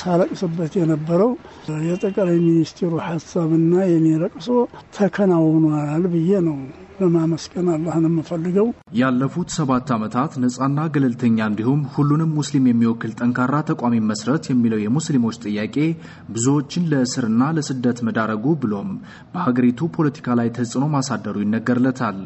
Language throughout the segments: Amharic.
ሳለቅስበት የነበረው የጠቅላይ ሚኒስትሩ ሀሳብና የኔ ረቅሶ ተከናውኗል ብዬ ነው ለማመስገን አላህን የምፈልገው። ያለፉት ሰባት ዓመታት ነጻና ገለልተኛ እንዲሁም ሁሉንም ሙስሊም የሚወክል ጠንካራ ተቋሚ መስረት የሚለው የሙስሊሞች ጥያቄ ብዙዎችን ለእስርና ለስደት መዳረጉ ብሎም በሀገሪቱ ፖለቲካ ላይ ተጽዕኖ ማሳደሩ ይነገርለታል።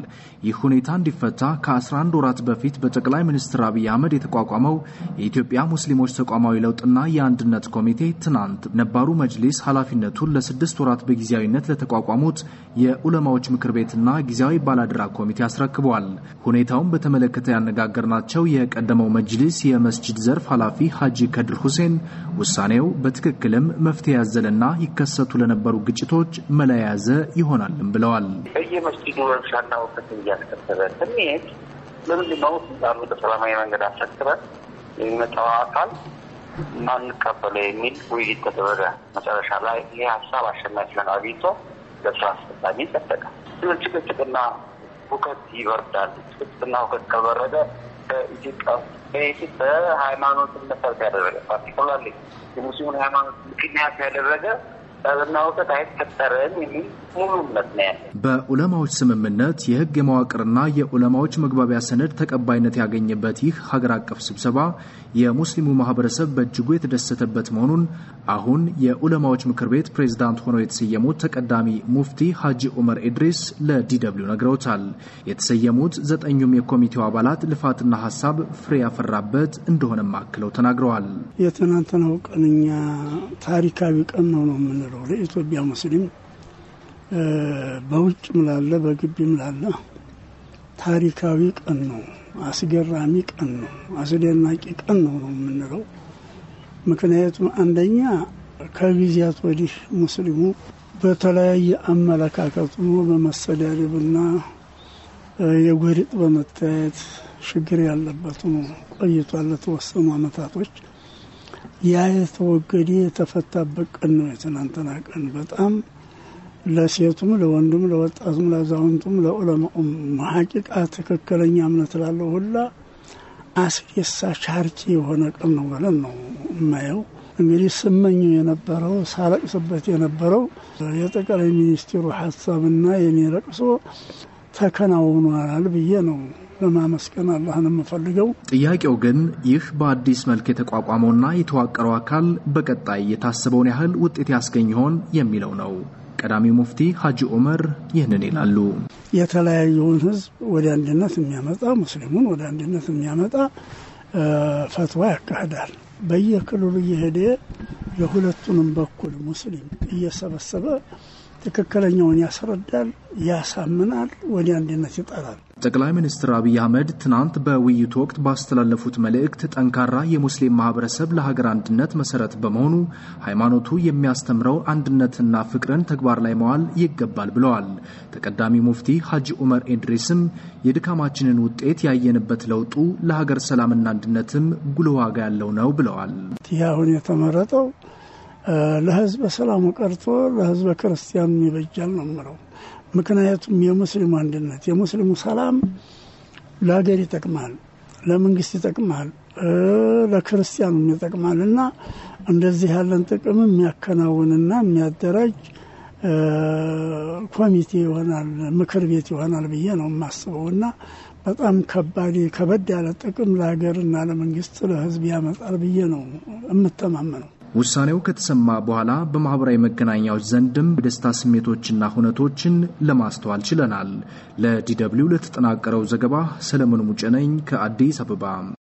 ይህ ሁኔታ እንዲፈታ ከ11 ወራት በፊት በጠቅላይ ሚኒስትር አብይ አህመድ የተቋቋመው የኢትዮጵያ ሙስሊሞች ተቋማዊ ለውጥና የአንድነት ግንኙነት ኮሚቴ ትናንት ነባሩ መጅሊስ ኃላፊነቱን ለስድስት ወራት በጊዜያዊነት ለተቋቋሙት የዑለማዎች ምክር ቤትና ጊዜያዊ ባላድራ ኮሚቴ አስረክበዋል። ሁኔታውን በተመለከተ ያነጋገርናቸው የቀደመው መጅሊስ የመስጂድ ዘርፍ ኃላፊ ሐጂ ከድር ሁሴን ውሳኔው በትክክልም መፍትሄ ያዘለና ይከሰቱ ለነበሩ ግጭቶች መላ የያዘ ይሆናልም ብለዋል። በየመስጂዱ ረብሻና ውከት እያስከተለ ስሜት ለምንድነው ስልጣኑ መንገድ አስረክበን የሚመጣው አካል እናንቀበለው የሚል ውይይት ተደረገ። መጨረሻ ላይ ይህ ሀሳብ አሸናፊ አሸናፊውን አግኝቶ ለስራ አስፈጻሚ ጸደቀ። ጭቅጭቅና ሁከት ይበርዳል። ጭቅጭቅና ሁከት ከበረደ በኢትዮጵያ በኢትዮጵያ በሃይማኖት መሰረት ያደረገ ፓርቲኩላር የሙስሊሙን ሃይማኖት ምክንያት ያደረገ ጥበብና እውቀት አይፈጠርም የሚል ሙሉ እምነት ነው ያለ። በዑለማዎች ስምምነት የህግ የመዋቅርና የዑለማዎች መግባቢያ ሰነድ ተቀባይነት ያገኘበት ይህ ሀገር አቀፍ ስብሰባ የሙስሊሙ ማህበረሰብ በእጅጉ የተደሰተበት መሆኑን አሁን የዑለማዎች ምክር ቤት ፕሬዝዳንት ሆነው የተሰየሙት ተቀዳሚ ሙፍቲ ሀጂ ዑመር ኢድሪስ ለዲደብሊው ነግረውታል። የተሰየሙት ዘጠኙም የኮሚቴው አባላት ልፋትና ሀሳብ ፍሬ ያፈራበት እንደሆነም አክለው ተናግረዋል። የትናንትናው ቀን እኛ ታሪካዊ ቀን ነው ነው ለሆነ የኢትዮጵያ ሙስሊም በውጭም ላለ በግቢም ላለ ታሪካዊ ቀን ነው። አስገራሚ ቀን ነው። አስደናቂ ቀን ነው ነው የምንለው። ምክንያቱም አንደኛ ከጊዜያት ወዲህ ሙስሊሙ በተለያየ አመለካከቱ በመሰዳደብና የጎሪጥ በመታየት ችግር ያለበት ነው ቆይቷል ለተወሰኑ አመታቶች። ያ የተወገደ የተፈታበት ቀን ነው የትናንትና ቀን። በጣም ለሴቱም ለወንዱም ለወጣቱም ለአዛውንቱም ለዑለማኡም ሀቂቃ ትክክለኛ እምነት ላለው ሁላ አስደሳች አርኪ የሆነ ቀን ነው ብለን ነው የማየው። እንግዲህ ስመኝ የነበረው ሳለቅስበት የነበረው የጠቅላይ ሚኒስትሩ ሀሳብና የኔ ረቅሶ ተከናውኗል ብዬ ነው በማመስገን አላህን የምፈልገው። ጥያቄው ግን ይህ በአዲስ መልክ የተቋቋመውና የተዋቀረው አካል በቀጣይ የታሰበውን ያህል ውጤት ያስገኝ ይሆን የሚለው ነው። ቀዳሚው ሙፍቲ ሀጂ ኦመር ይህንን ይላሉ። የተለያዩን ህዝብ ወደ አንድነት የሚያመጣ ሙስሊሙን ወደ አንድነት የሚያመጣ ፈትዋ ያካሂዳል። በየክልሉ እየሄደ የሁለቱንም በኩል ሙስሊም እየሰበሰበ ትክክለኛውን ያስረዳል፣ ያሳምናል፣ ወደ አንድነት ይጠራል። ጠቅላይ ሚኒስትር አብይ አህመድ ትናንት በውይይቱ ወቅት ባስተላለፉት መልእክት ጠንካራ የሙስሊም ማህበረሰብ ለሀገር አንድነት መሰረት በመሆኑ ሃይማኖቱ የሚያስተምረው አንድነትና ፍቅርን ተግባር ላይ መዋል ይገባል ብለዋል። ተቀዳሚ ሙፍቲ ሐጂ ዑመር ኤድሪስም የድካማችንን ውጤት ያየንበት ለውጡ ለሀገር ሰላምና አንድነትም ጉልህ ዋጋ ያለው ነው ብለዋል። አሁን የተመረጠው ለህዝበ ሰላሙ ቀርቶ ለህዝበ ክርስቲያን ይበጃል ነው ምለው ምክንያቱም የሙስሊሙ አንድነት የሙስሊሙ ሰላም ለሀገር ይጠቅማል፣ ለመንግስት ይጠቅማል፣ ለክርስቲያኑም ይጠቅማል እና እንደዚህ ያለን ጥቅም የሚያከናውንና የሚያደራጅ ኮሚቴ ይሆናል፣ ምክር ቤት ይሆናል ብዬ ነው የማስበው እና በጣም ከባድ ከበድ ያለ ጥቅም ለሀገርና ለመንግስት ለህዝብ ያመጣል ብዬ ነው የምተማመነው። ውሳኔው ከተሰማ በኋላ በማህበራዊ መገናኛዎች ዘንድም የደስታ ስሜቶችና ሁነቶችን ለማስተዋል ችለናል። ለዲ ለተጠናቀረው ዘገባ ሰለሞን ሙጨነኝ ከአዲስ አበባ